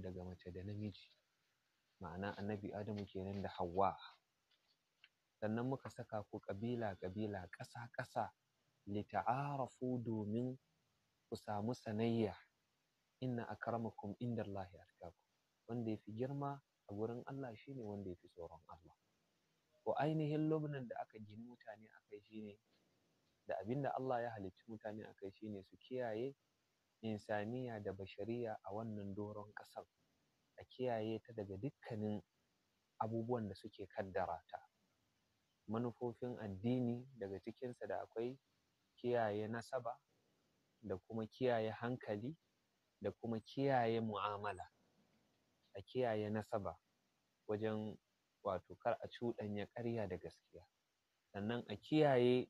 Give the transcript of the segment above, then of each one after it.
daga mace da namiji ma'ana annabi adamu kenan da hawa sannan muka saka ku ƙabila ƙabila ƙasa ƙasa lita'arafu domin ku samu sanayya inna akramakum inda Allah ya wanda ya fi girma a gurin Allah shine wanda ya fi tsoron Allah ko ainihin lobunan da aka gini mutane akai shine da abinda Allah ya halicci mutane akai shine su kiyaye insaniya da bashariya a wannan doron ƙasar a kiyaye ta daga dukkanin abubuwan da suke kaddara ta manufofin addini daga cikinsa da akwai kiyaye nasaba da kuma kiyaye hankali da kuma kiyaye mu'amala a kiyaye nasaba wajen wato kar a cuɗanya ƙarya da gaskiya sannan a kiyaye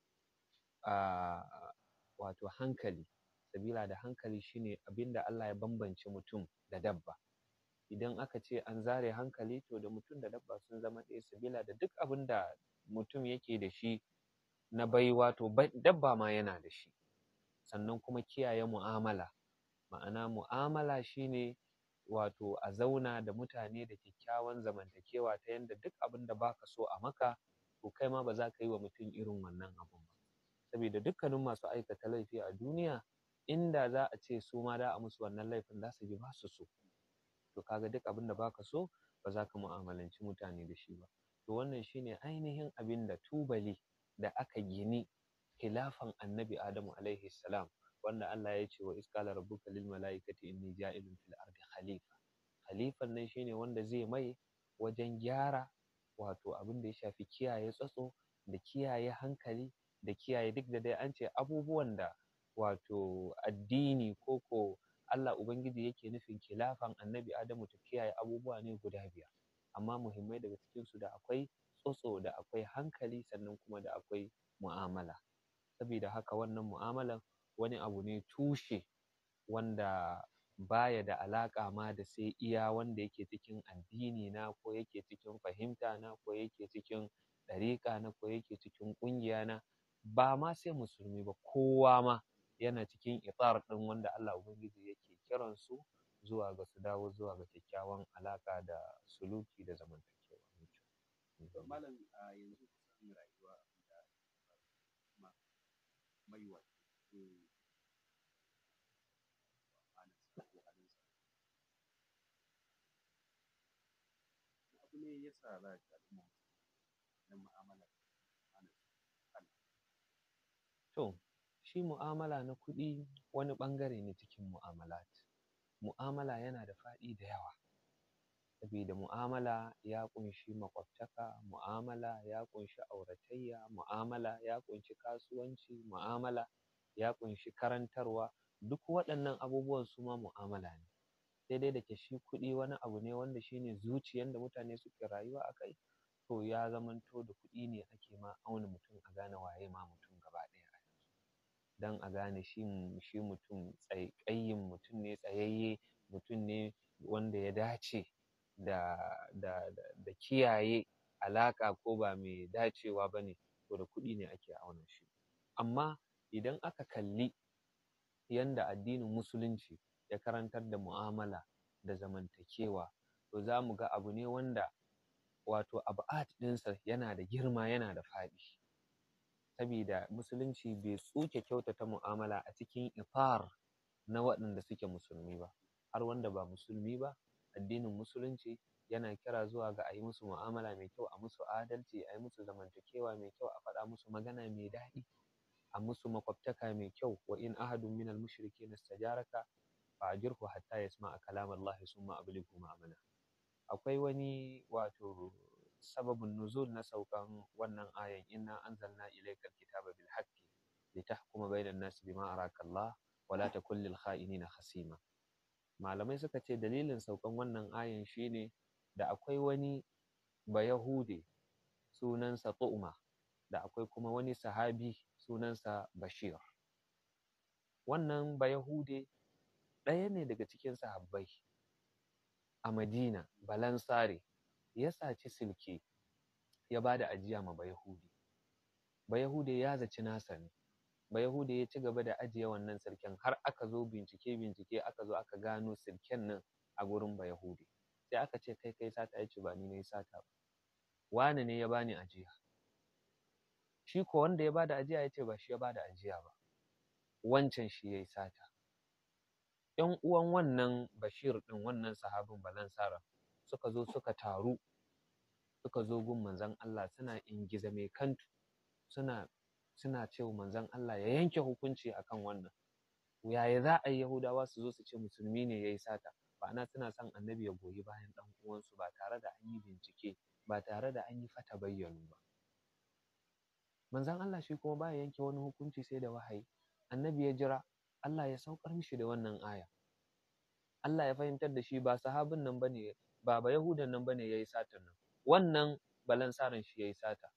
a ah, wato hankali sabila da hankali shine abinda Allah ya bambance mutum da dabba idan aka ce an zare hankali to da mutum da dabba sun zama ɗaya sabila da duk abin da mutum yake da shi na baiwa to dabba ma yana da shi sannan kuma kiyaye mu'amala ma'ana mu'amala shine wato a zauna da mutane da kyakkyawan zamantakewa ta yanda duk abin da baka so a maka to kai ma ba za ka yi wa mutum irin wannan abun ba saboda dukkanin masu aikata laifi a duniya inda za a ce su ma da a musu wannan laifin za su ji ba su so to kaga duk abin da baka so ba za ka mu'amalanci mutane da shi ba to wannan shine ainihin abin da tubali da aka gini khilafan annabi adamu alaihi salam wanda Allah ya ce wa iskala rabbuka lil malaikati inni ja'ilun fil ardi khalifa khalifan nan shine wanda zai mai wajen gyara wato abin da ya shafi kiyaye tsatso da kiyaye hankali da kiyaye duk da dai an ce abubuwan da wato addini ko ko Allah Ubangiji yake nufin kilafan annabi Adamu ta kiyaye abubuwa ne guda biyar amma muhimmai daga cikin su da akwai tsotso da akwai hankali sannan kuma da akwai mu'amala sabida haka wannan mu'amalan wani abu ne tushe wanda baya da alaƙa ma da sai iya wanda yake cikin addini na ko yake cikin fahimta na ko yake cikin ɗariƙa na ko yake cikin ƙungiya na ba ma sai musulmi ba kowa ma yana cikin itar ɗin wanda Allah Ubangiji yake kiran su zuwa ga su dawo zuwa ga kyakkyawan alaƙa da suluki da zamantakewa. Malam yanzu kusan rayuwa da maiwa eh, abu ne ya sa za ka al'umma na mu'amala shi mu'amala na kuɗi wani ɓangare ne cikin mu'amalat mu'amala yana da faɗi da yawa sabida mu'amala ya ƙunshi maƙwabtaka mu'amala ya ƙunshi auratayya mu'amala ya ƙunshi kasuwanci mu'amala ya ƙunshi karantarwa duk waɗannan abubuwan su ma mu'amala ne sai dai da ke shi kuɗi wani abu ne wanda shi ne zuciyan da mutane suke rayuwa a kai to ya zamanto da kuɗi ne ake ma auna mutum a gane waye ma mutum don a gane shi mutum tsaikayin mutum ne tsayayye mutum ne wanda ya dace da da da kiyaye alaƙa ko ba mai dacewa ba ne to da kuɗi ne ake auna shi amma idan aka kalli yanda addinin musulunci ya karantar da mu'amala da zamantakewa to za mu ga abu ne wanda wato abu'at ɗinsa yana da girma yana da faɗi saboda musulunci bai tsuke kyautata mu'amala a cikin ifar na waɗanda suke musulmi ba har wanda ba musulmi ba addinin musulunci yana kira zuwa ga a yi musu mu'amala mai kyau a musu adalci a yi musu zamantakewa mai kyau a faɗa musu magana mai daɗi a musu makwabtaka mai kyau wa in ahadun minal mushrikin istajaraka fa ajirhu hatta yasma'a kalam Allah summa ablighu ma'amala akwai wani wato sababin nuzul na saukan wannan ayan inna anzalna ilayka alkitaba bil haqqi litahkuma an nas bima araka Allah wa la takun lil kha'inina khasima malamai suka ce dalilin saukan wannan ayan shine da akwai wani bayahude sunansa Tu'ma da akwai kuma wani sahabi sunansa Bashir wannan bayahude ɗaya ne daga cikin sahabbai a Madina Balansare ya saci silke ya bada ajiya ma Bayahudi. Bayahudi ya zaci nasa ne, Bayahudi ya ci gaba da ajiye wannan silken har aka zo bincike-bincike aka zo aka gano silken nan a gurin Bayahudi. Sai aka ce kai kai sata ya ce ba ni na sata ba. Wane ne ya bani ajiya? Shi ko wanda ya ba da ajiya ya ce ba shi ya ba ajiya ba. Wancan shi ya yi sata. ‘Yan uwan wannan Bashir ɗin wannan sahabin Balansara suka zo suka taru suka zo gun manzon Allah suna ingiza mai kantu suna suna wa manzon Allah ya yanke hukunci akan wannan yaya za a yi Yahudawa su zo su ce musulmi ne ya yi sata ma'ana suna son annabi ya goyi bayan dan uwansu ba tare da an yi bincike ba tare da an yi fata bayyanu ba manzon Allah shi kuma baya yanke wani hukunci sai da wahayi annabi ya jira Allah ya saukar mishi da wannan aya Allah ya fahimtar da shi ba sahabin nan bane ba ba yahudan nan bane yayi satan nan wannan balansaran shi yayi sata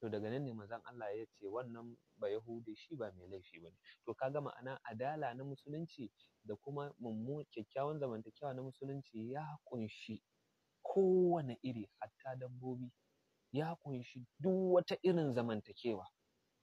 to daga nan ne manzon Allah ya ce wannan ba yahudi shi ba mai laifi bane to ka kaga ma'ana adala na musulunci da kuma mummu kyakkyawan zamantakewa na musulunci ya kunshi kowane iri hatta dabbobi ya kunshi duk wata irin zamantakewa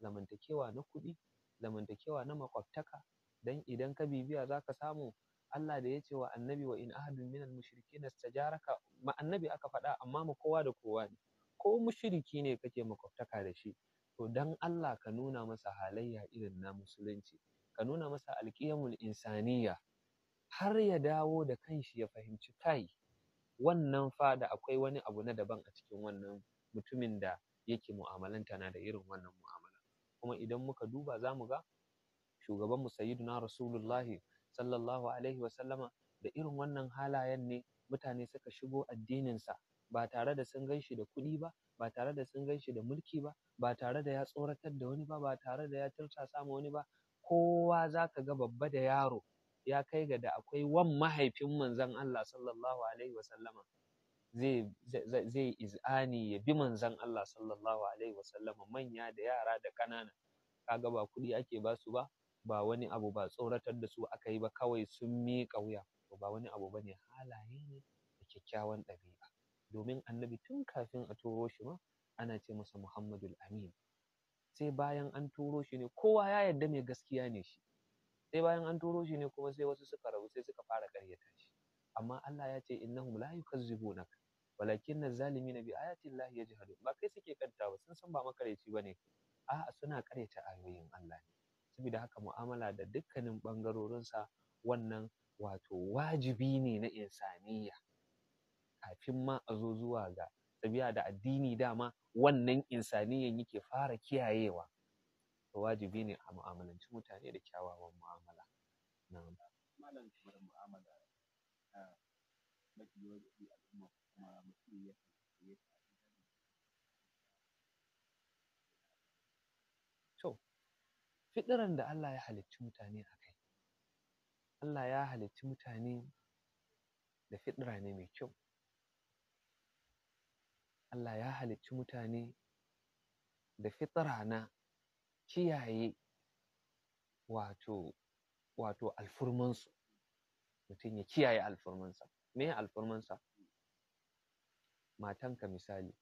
zamantakewa na kuɗi zamantakewa na makwabtaka dan idan ka bibiya zaka samu Allah da ya ce wa annabi wa in ahadun minal mushrikin istajaraka ma annabi aka faɗa amma mu kowa da kowa ne ko mushriki ne kake makwabtaka da shi to dan Allah ka nuna masa halayya irin na musulunci ka nuna masa alƙiyamul insaniya har ya dawo da kanshi ya fahimci kai wannan fa da akwai wani abu na daban a cikin wannan mutumin da yake mu'amalanta na da irin wannan mu'amala kuma idan muka duba za mu ga shugabanmu sayyiduna rasulullahi sallallahu alaihi wasallama da irin wannan halayen ne mutane suka shigo addininsa ba tare da sun gan shi da kuɗi ba ba tare da sun gan shi da mulki ba ba tare da ya tsoratar da wani ba ba tare da ya tursasa ma wani ba kowa za ka ga babba da yaro ya kai ga da akwai wan mahaifin manzon Allah sallallahu alaihi wasallama zai iz'ani ya bi manzon Allah sallallahu alaihi wasallama manya da yara da ƙanana kaga ba kuɗi ake basu ba ba wani abu ba tsoratar da su aka yi ba kawai sun miƙa wuya to ba wani abu bane halaye ne da kyakkyawan ɗabi'a domin annabi tun kafin a turo shi ma ana ce masa Muhammadul Amin sai bayan an turo shi ne kowa ya yarda mai gaskiya ne shi sai bayan an turo shi ne kuma sai wasu suka rabu sai suka fara ƙaryata shi amma Allah ya ce innahum la yukazzibunaka walakin na bi ayati Allah yajhadun ba kai suke kanta ba sun san ba makareci bane a'a suna ƙaryata ayoyin Allah ne saboda haka mu'amala da dukkanin ɓangarorinsa wannan wato wajibi ne na insaniya kafin ma a zo zuwa ga tafiya da addini dama wannan insaniyan yake fara kiyayewa to wajibi ne a mu'amalanci mutane da kyawawan mu'amala na'am malam kamar mu'amala mafi ah, yawanci al'umma mutum ya to Fitiran da Allah ya halicci mutane a kai Allah ya halicci mutane da fitira ne mai kyau Allah ya halicci mutane da fitira na kiyaye wato wato alfurmansu mutum ya kiyaye alfurmansa me alfurmansa matanka misali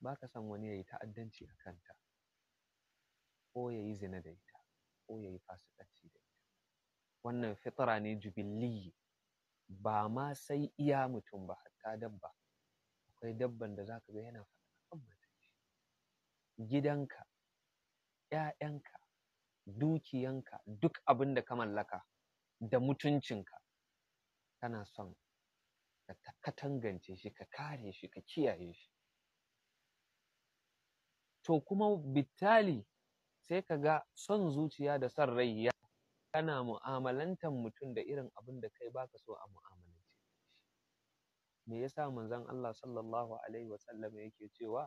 ba ka son wani ya yi ta'addanci a kanta ko ya yi zina da ita ko ya yi fasikanci da ita wannan fitara ne jubilli ba ma sai iya mutum ba hatta dabba akwai dabban da zaka ga yana faɗa gidanka ‘ya'yanka dukiyanka duk abin da ka mallaka da mutuncinka kana son ka katangance shi ka kare shi ka kiyaye shi to kuma bitali sai ka ga son zuciya da son rai ya kana mu'amalantar mutum da irin abin da kai baka so a mu'amalance me yasa manzon Allah sallallahu alaihi wa sallam yake cewa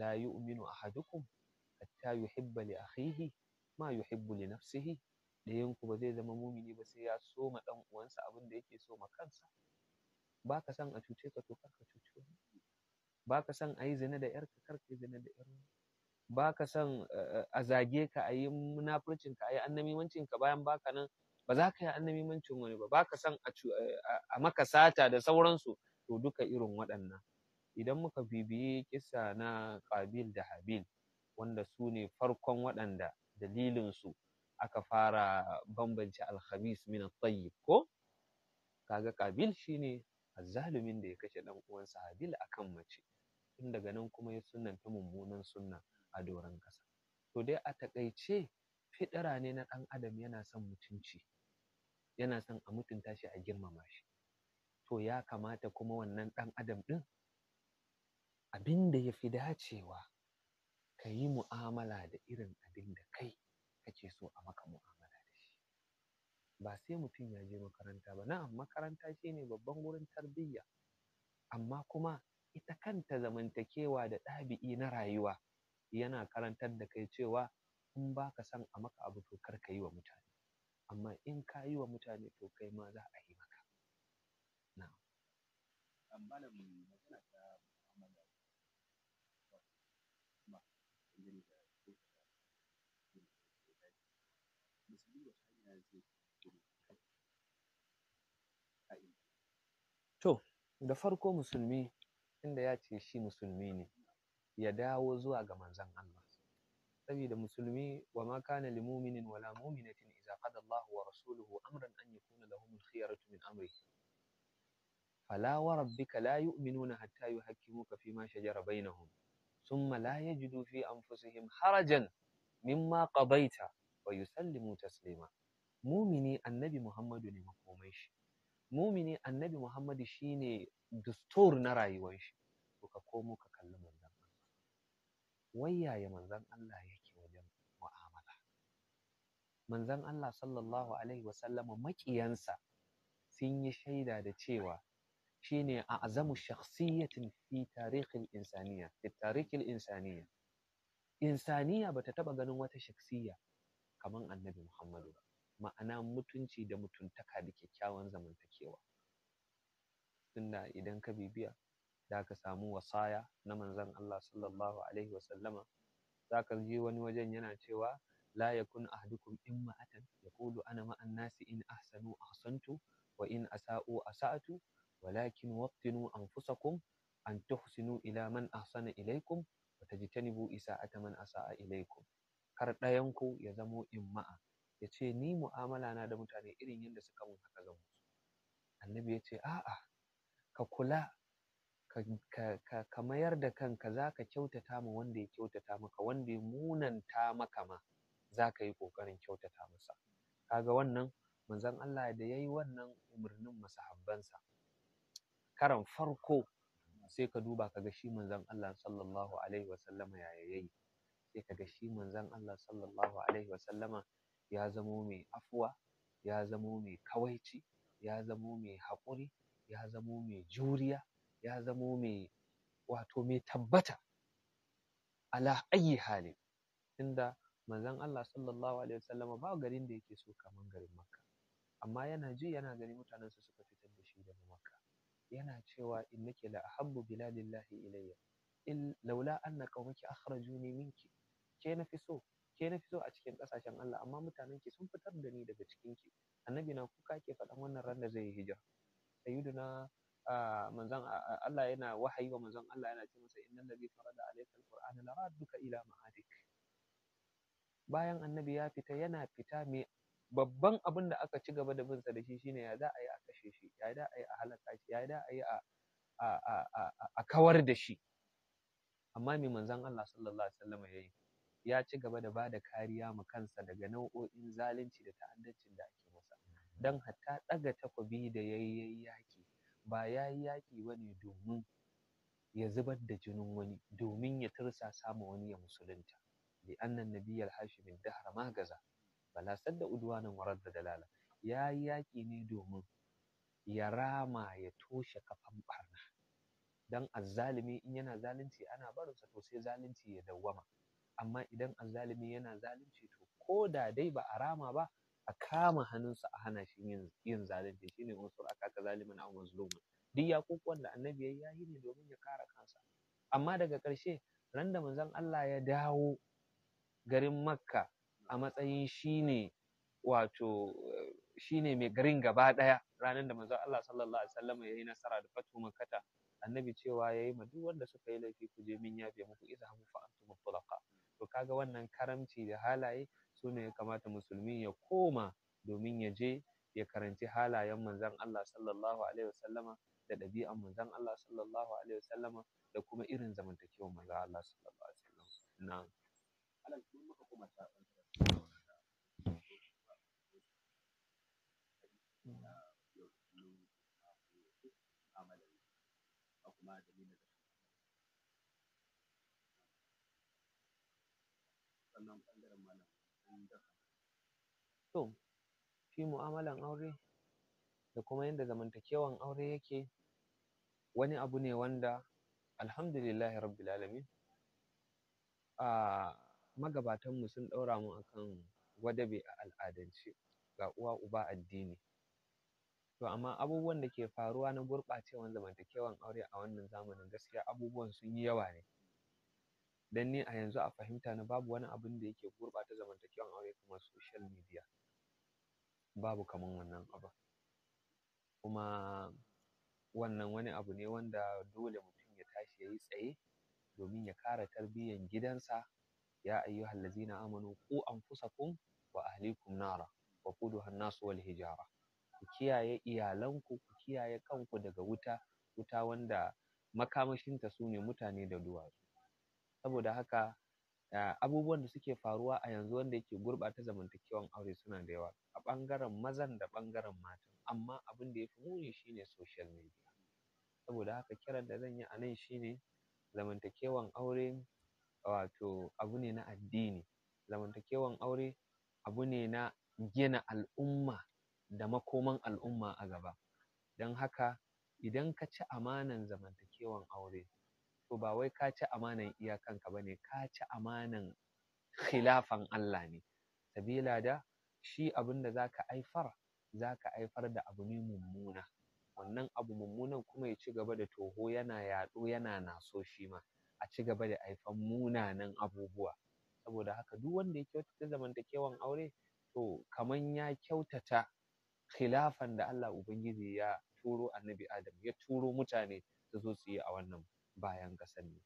la yu'minu ahadukum hatta yuhibba li akhihi ma yuhibbu li nafsihi ɗayan ku ba zai zama mumini ba sai ya so ma dan uwansa abin da yake so ma kansa baka san a cuce ka to kar ka cuce Ba ka san a yi zina da yarka kar ka zina da yarka ba ka son eh, eh, a zage ka a yi munafurcin ka a yi annamimancin ka bayan baka nan ba za ka yi annamimancin wani ba ba ka son a eh, maka sata da sauransu to duka irin waɗannan idan muka bibiyi kisa na ƙabil da habil wanda su ne farkon waɗanda dalilinsu aka fara bambance alhamis min tayyib ko kaga ƙabil shine azzalumin da ya kashe ɗan uwansa habil akan mace tun daga nan kuma ya sunanta mummunan sunna a doron ƙasa to dai a taƙaice fiɗira ne na ɗan adam yana son mutunci yana son a mutunta shi a girmama shi to ya kamata kuma wannan ɗan adam ɗin abin da ya fi dacewa ka yi mu'amala da irin abin da kai kake so a maka mu'amala da shi ba sai mutum ya je makaranta ba na'am makaranta ne babban wurin tarbiyya amma kuma ita kanta zamantakewa da ɗabi'i na rayuwa yana karantar da kai cewa in ba ka son a maka abu to kar ka yi wa mutane amma in ka yi wa mutane to kai ma za a yi maka To, da farko musulmi, inda ya ce shi musulmi ne, ya dawo zuwa ga manzon Allah saboda musulmi wa ma kana lil mu'minin wala mu'minatin idza qada Allah wa rasuluhu amran an yakuna lahum al khiyaratu min amri fala wa rabbika la yu'minuna hatta yuhakkimuka ma shajara bainahum thumma la yajidu fi anfusihim harajan mimma qadaita wa yusallimu taslima mumini annabi Muhammadu ne makomai shi mumini annabi Muhammadu shine dustur na rayuwar shi to ka komo ka kalli manzo wai yaya manzon Allah yake wajen mu'amala manzon Allah sallallahu alaihi wasallama maƙiyansa sun yi shaida da cewa shine a azamu shakhsiyatin fi tarikhil insaniya fi tarikhil insaniya insaniya bata taɓa ganin wata shakhsiya kamar annabi Muhammadu ba ma'ana mutunci da mutuntaka da kyakkyawan zamantakewa tunda idan ka bibiya da ka samu wasaya na manzon Allah sallallahu alaihi wasallama za ka je wani wajen yana cewa la yakun ahdukum imma'atan yaqulu ana ma'an nasi in ahsanu ahsantu wa in asa'u asa'tu walakin waqtinu anfusakum an tuhsinu ila man ahsana ilaikum wa tajtanibu isa'ata man asa'a ilaikum kar ɗayan ku ya zamo imma'a ya ce ni mu'amala na da mutane irin yanda suka mun haka zan annabi yace a'a ka kula ka, mayar da kanka za ka kyautata ma wanda ya kyautata maka wanda ya munanta maka ma za ka yi ƙoƙarin kyautata masa kaga wannan manzon Allah da ya yi wannan umarnin masahabbansa karan farko sai ka duba ka ga shi manzon Allah sallallahu alaihi wasallama yaya yayi sai ka ga shi manzon Allah sallallahu alaihi wasallama ya zamo mai afuwa ya zamo mai kawaici ya zamo mai haƙuri ya zamo mai juriya ya zamo mai wato mai tabbata ala ayi halin tunda manzon Allah sallallahu alaihi wasallama ba garin da yake so kaman garin Makka amma yana ji yana gani mutanen su suka fitar da shi daga Makka yana cewa innaki la ahabbu biladillahi ilayya in laula anna qaumaki akhrajuni minki ke nafi so ke nafi so a cikin kasashen Allah amma mutanen ki sun fitar da ni daga cikin ki annabi na kuka ke faɗan wannan ran da zai yi hijira sayyiduna manzon Allah yana wahayi wa manzon Allah yana ce masa innal ladhi farada alayka alqur'ana la radduka ila ma'adik bayan annabi ya fita yana fita mai babban abin da aka ci gaba da bin sa da shi shine ya za a yi a kashe shi ya da a yi a halaka shi ya a yi a a kawar da shi amma mai manzon Allah sallallahu alaihi wasallam ya yi ya ci gaba da bada kariya ma kansa daga nau'o'in zalunci da ta'addancin da ake masa dan hatta daga takobi da yayi yaki ba ya yi yaƙi ba ne domin ya zubar da jinin wani domin ya tursa ma wani ya musulunta bi annan nabiyal hashimin dahar magaza bala sadda udwanan warar da dalala ya yi yaƙi ne domin ya rama ya toshe kafan barna dan azzalimi in yana zalunci ana barinsa to sai zalunci ya dawwama amma idan azzalimi yana zalunci to ko da dai ba a rama ba a kama hannunsa a hana shi yin zalunci Shi ne shine unsur zalumin zaliman aw mazluman duk yaƙoƙ wanda annabi ya yi ne domin ya kare kansa amma daga ƙarshe ran da manzon Allah ya dawo garin Makka a matsayin shine wato eh, shine mai garin gaba ɗaya ranar da manzon Allah sallallahu alaihi wasallam yi nasara da fatu makata. annabi cewa yayi ma duk wanda suka yi laifi ku je min yafe muku idza hum fa antum to kaga wannan karamci da halaye su ne ya kamata musulmi ya koma domin ya je ya karanci halayen manzon Allah sallallahu alaihi wasallama da ɗabi'an manzon Allah sallallahu alaihi wasallama da kuma irin zamantakewar manzon Allah sallallahu alaihi wasallam na'am sannan to shi mu'amalan aure da kuma yanda zamantakewan aure yake wani abu ne wanda alhamdulillahi rabbil alamin a mu sun ɗaura mu akan gwadabe a al'adance ga uwa uba addini to amma abubuwan da ke faruwa na gurɓacewan zamantakewan aure a wannan zamanin gaskiya abubuwan sun yi yawa ne don ni a yanzu a fahimta na babu wani abun da yake gurɓata zamantakewan aure kamar social media babu kaman wannan abun kuma wannan wani abu ne wanda dole mutum ya tashi ya yi tsaye domin ya kare tarbiyyar gidansa ya ayyuhal ladzina amanu ku anfusakum wa ahlikum nara wa kudu an wal hijara ku kiyaye iyalanku ku kiyaye kanku daga wuta wuta wanda makamashinta su ne mutane da duwatsu saboda haka abubuwan da suke faruwa a yanzu wanda yake gurɓata zamantakewan aure suna da yawa a ɓangaren mazan da ɓangaren matan amma abin da ya fi muni shine social media saboda haka kiran da zan yi a nan shine zamantakewan aure wato abu ne na addini zamantakewan aure abu ne na gina al'umma da makoman al'umma a gaba don haka idan ka ci amanan zamantakewan aure to ba wai ka ci amanan iyakanka ba ne ka ci amanan khilafan Allah ne sabila da shi abin da za ka aifar za ka aifar da abu ne mummuna wannan abu mummunan kuma ya ci gaba da toho yana yaɗo yana naso shi ma a ci gaba da aifan munanan abubuwa saboda haka duk wanda ya kyautata zamantakewan aure to kaman ya kyautata khilafan da Allah Ubangiji ya turo annabi Adam ya turo mutane su zo su yi a wannan bayan ƙasar ne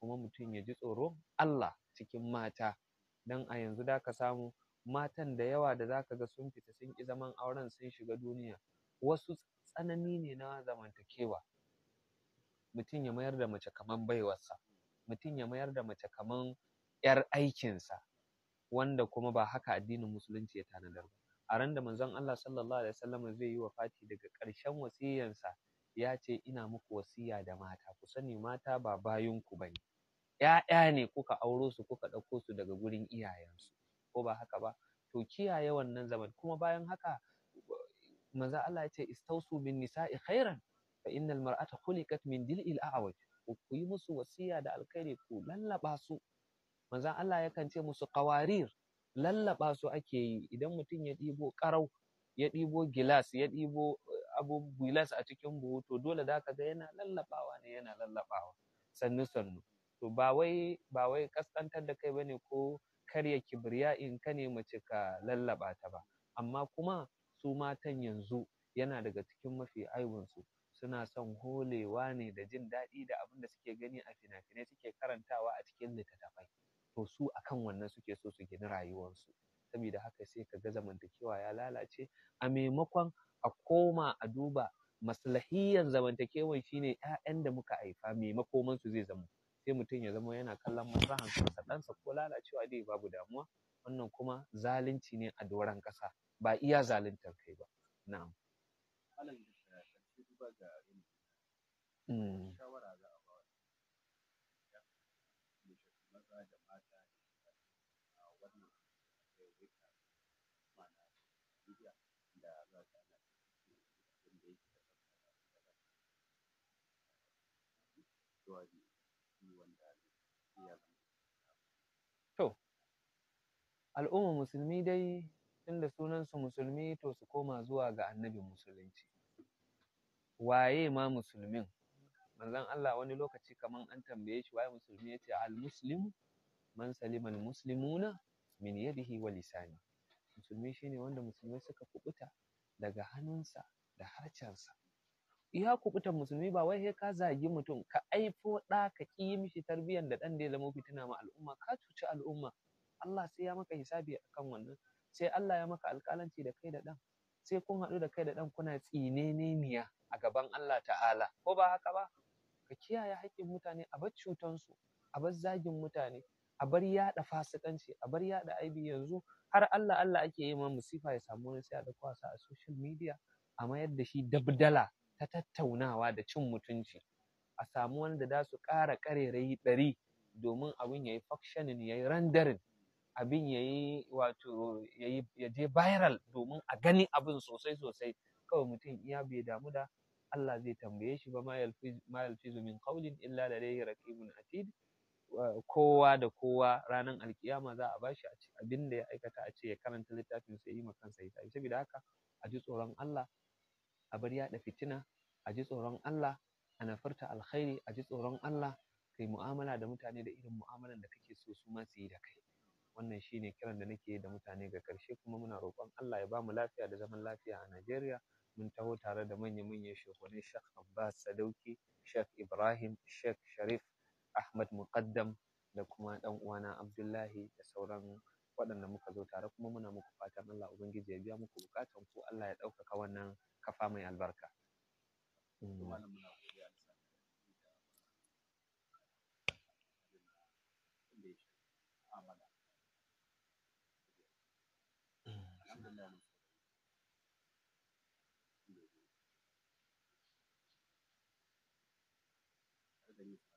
kuma mutum ya ji tsoro. Allah cikin mata don a yanzu da ka samu matan da yawa da za ka ga sun fita sun ƙi zaman auren sun shiga duniya wasu tsanani ne na zamantakewa mutum ya mayar da mace kaman baiwarsa mutum ya mayar da mace kaman 'yar aikinsa wanda kuma ba haka addinin musulunci ya tanadar ba a ran da manzon Allah sallallahu alaihi wasallam zai yi wa Fati daga ƙarshen wasiyyansa ya ce ina muku wasiya da mata ku sani mata ba bayanku bane ‘ya'ya ne kuka auro su kuka ɗauko su daga gurin iyayensu ko ba haka ba to kiyaye wannan zaman kuma bayan haka manzo Allah ya ce istausu bin nisa'i khairan fa innal mar'ata khuliqat min dil'il a'waj ku yi musu wasiya da alkhairi ku lallaba su manzo Allah yakan ce musu qawarir lallaba su ake yi idan mutum ya ɗibo ƙarau ya ɗibo gilas ya ɗibo abubuwa gilas a cikin buhu to dole za ka ga yana lallabawa ne yana lallabawa sannu sannu to ba wai ba wai kaskantar da kai bane ko karya kibriya in ka ne mace ka lallaba ta ba amma kuma su matan yanzu yana daga cikin mafi su suna son holewa ne da jin daɗi da abin da suke gani a fina-finai suke karantawa a cikin littattafai to su akan wannan suke so su gini rayuwarsu sabida haka sai ka ga zamantakewa ya lalace a maimakon a koma a duba maslahiyan zamantakewan shine ƴaƴan da muka haifa maimakon su zai zama sai mutum ya zama yana kallon maslahan kansa ɗansa ko lalacewa dai babu damuwa wannan kuma zalunci ne a doron ƙasa ba iya zaluntar kai ba na'am To, al'ummar musulmi dai tunda sunansu musulmi to su koma zuwa ga annabin musulunci. Waye ma musulmin? Manzon Allah wani lokaci kaman an tambaye shi waye musulmi ya ce al-muslimu man salima al-muslimuna min yadihi wa lisani. Musulmi shine wanda Musulmi suka kubuta daga hannunsa da harcensa. ya kubuta musulmi ba wai sai ka zagi mutum ka aifo ɗa ka ƙi mishi tarbiyyar da ɗan da ya zama fitina ma al'umma ka cuci al'umma Allah sai ya maka hisabi akan wannan sai Allah ya maka alƙalanci da kai da ɗan sai kun haɗu da kai da ɗan kuna tsineniya a gaban Allah ta'ala ko ba haka ba ka kiyaye haƙƙin mutane a bar cutansu a bar zagin mutane a bar yaɗa fasikanci a bar yaɗa aibi yanzu har Allah Allah ake yi ma musifa ya samu wani sai a ɗauko a social media a mayar da shi dabdala ta tattaunawa da cin mutunci a samu wanda za su ƙara ƙarerayi ɗari domin abin ya yi functioning ya yi rendering abin ya yi wato ya je viral domin a gani abin sosai sosai kawai mutum iya bai damu da Allah zai tambaye shi ba ma yalfizu min qawlin illa da ladayhi raqibun atid kowa da kowa ranar alkiyama za a bashi abin da ya aikata a ce ya karanta littafin sai yi ma kansa ya tafi saboda haka a ji tsoron Allah a bar yaɗa fitina a ji tsoron Allah a nafarta alkhairi a ji tsoron Allah kai mu'amala da mutane da irin mu'amalan da kake so su su yi da kai wannan shine kiran da nake da mutane ga ƙarshe kuma muna roƙon Allah ya bamu lafiya da zaman lafiya a Najeriya mun taho tare da manya-manyan shehunai Sheikh Abbas Sadauki Sheikh Ibrahim Sheikh Sharif Ahmad Muqaddam da kuma ɗan uwana Abdullahi da sauran waɗanda muka zo tare kuma muna muku fatan Allah Ubangiji ya biya muku bukatan ku Allah ya ɗaukaka wannan kafa mai albarka. Mm. Mm.